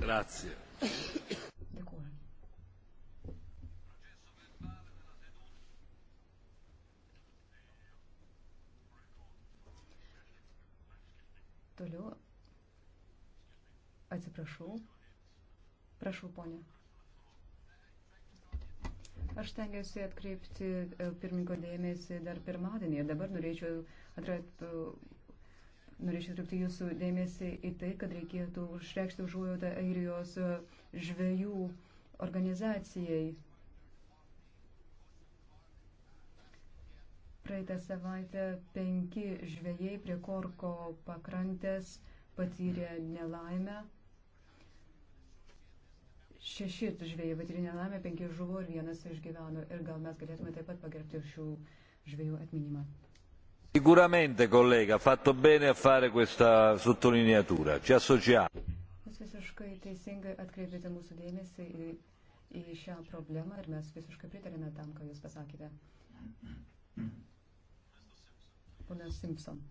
Grazie. Dėkuoju. Toliau. Atsiprašau. Prašau, ponė. Aš tengiuosi atkreipti e, pirmininko dėmesį dar pirmadienį ir dabar norėčiau atkreipti Norėčiau trupti jūsų dėmesį į tai, kad reikėtų išreikšti užuojotą Airijos e, žvėjų organizacijai. Praeitą savaitę penki žvėjai prie Korko pakrantės patyrė nelaimę. Šeši žvėjai patyrė nelaimę, penki žuvo ir vienas išgyveno. Ir gal mes galėtume taip pat pagerbti šių žvėjų atminimą. Sicuramente, collega, fatto bene a fare questa sottolineatura. Ci associamo. Jūs visiškai teisingai atkreipėte mūsų dėmesį į, į šią problemą ir mes visiškai pritarėme tam, ką Jūs pasakėte. Ponas Simpson.